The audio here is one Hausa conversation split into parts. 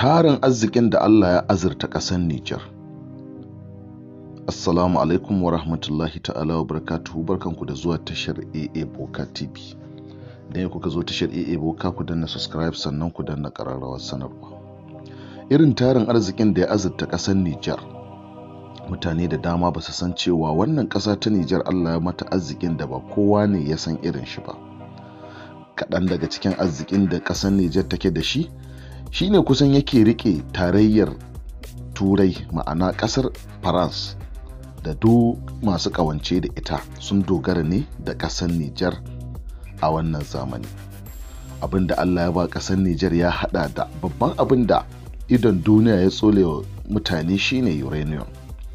tarin arzikin da Allah ya azurta ƙasar Nijar. Assalamu alaikum wa rahmatullahi ta'ala wa barakatuhu barkanku da zuwa tashar AA Boka TV. ya kuka zo tashar AA Boka ku danna subscribe sannan ku danna ƙararrawar sanarwa. Irin tarin arzikin da ya azurta ƙasar Nijar. Mutane da dama ba su san cewa wannan ƙasa ta Nijar Allah ya mata arzikin da ba kowa ne ya san irin shi ba. Kaɗan daga cikin arzikin da ƙasar Nijar take da shi Shi ne kusan yake rike tarayyar turai ma'ana kasar france da duk masu kawance da ita sun dogara ne da kasar Nijar a wannan zamani Abinda allah ya ba kasar Nijar ya hada da babban abin da idon duniya ya tsole mutane shine uranium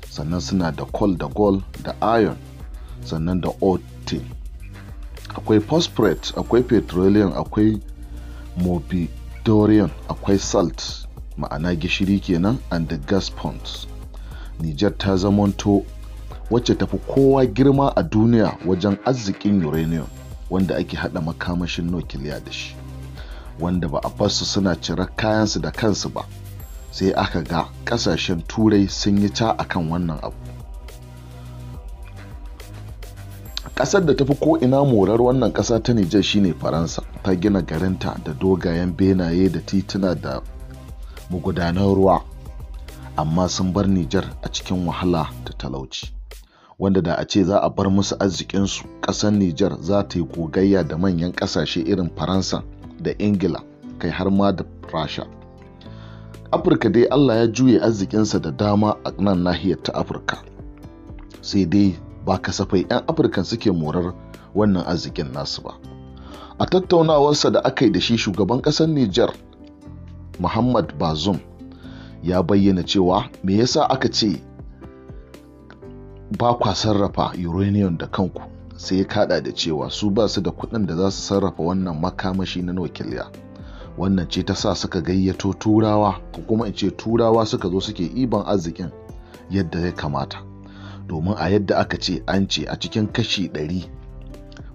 sannan suna da coal da gold da iron sannan da otin akwai phosphate akwai petroleum akwai mobi dorion akwai salt ma'ana gishiri kenan and the gas ponds. niger ta zamanto wacce tafi kowa girma a duniya wajen arzikin uranium wanda ake hada makamashin nukiliya da shi wanda ba a basu suna cire kayansu da kansu ba sai aka ga kasashen turai sun yi ta akan wannan abu kasar da tafi ko'ina morar wannan kasa ta Nijar shine Faransa, ta gina garinta da dogayen benaye da tituna da magudanar ruwa, amma sun bar Nijar a cikin wahala da talauci. Wanda da a ce za a bar musu arzikinsu, ƙasar Nijar za ta yi gogayya da manyan kasashe irin Faransa da Ingila, kai har ma da Rasha. Afirka dai Allah ya juye arzikinsa da dama a nan nahiyar ta Afirka. Sai dai ba kasafai 'yan afirkan suke morar wannan arzikin nasu ba a tattaunawarsa da aka yi da shi shugaban ƙasar Nijar Muhammad Bazoum ya bayyana cewa me yasa aka ce ba kwa sarrafa uranium da kanku sai ya kada da cewa su ba su da kudin da za su sarrafa wannan makamashi na nukiliya wannan ce ta sa suka gayyato turawa ko kuma in ce turawa suka zo suke iban arzikin yadda ya kamata domin a yadda aka ce an ce a cikin kashi 100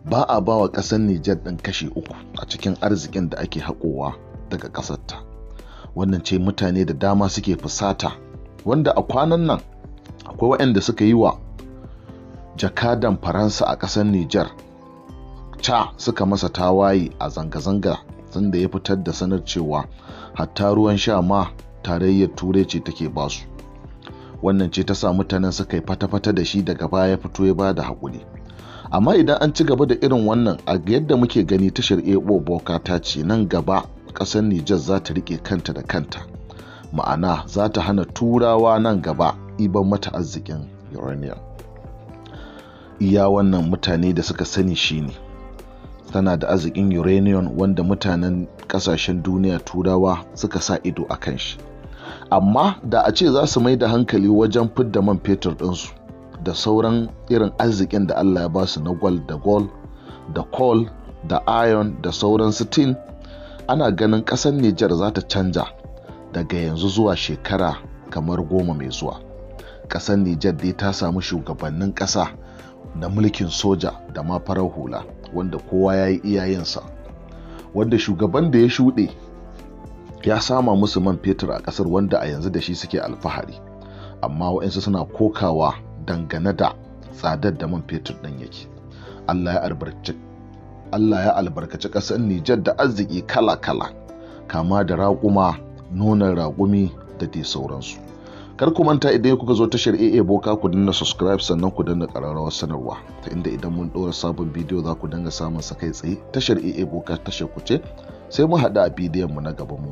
ba a ba wa ƙasar Nijar ɗin kashi uku a cikin arzikin da ake haƙowa daga ƙasarta. Wannan ce mutane da dama suke fusata wanda a kwanan nan akwai waɗanda suka yi wa jakadan Faransa a ƙasar Nijar ca suka masa tawaye a zanga-zanga sanda ya fitar da sanar cewa hatta ruwan sha ma tarayyar turai ce take basu. wannan ce ta sa mutanen suka yi fata-fata da shi daga baya fito ya bada haƙuri amma idan an ci gaba da irin wannan a yadda muke gani tashar shirye boka ta ce nan gaba ƙasar nijar za ta riƙe kanta da kanta ma'ana za ta hana turawa nan gaba iban mata arzikin uranium iya wannan mutane da suka sani shine tana da arzikin uranium wanda mutanen ƙasashen duniya turawa suka sa ido a kan shi amma da a ce za su mai da hankali wajen fidda man fetur ɗinsu da sauran irin arzikin da Allah ya ba su na gwal da gwal da coal da ayon da sauran sitin ana ganin ƙasar Nijar za ta canja daga yanzu zuwa shekara kamar goma mai zuwa ƙasar Nijar dai ta samu shugabannin ƙasa na mulkin soja da ma farar hula wanda kowa ya yi iyayensa wanda shugaban da ya shuɗe ya sama musu man fetur a ƙasar wanda a yanzu da shi suke alfahari amma waɗansu suna kokawa dangane da tsadar da man fetur ɗin yake allah ya albarkaci ƙasar nijar da arziki kala-kala kama da raƙuma nonon raƙumi da dai sauransu kar ku manta idan kuka zo tashar AA Boka ku danna subscribe sannan ku danna ƙararrawar sanarwa ta inda idan mun ɗora sabon bidiyo za ku dinga samun sa kai tsaye tashar AA Boka tashar ku ce sai mu haɗu a bidiyon mu na gaba mu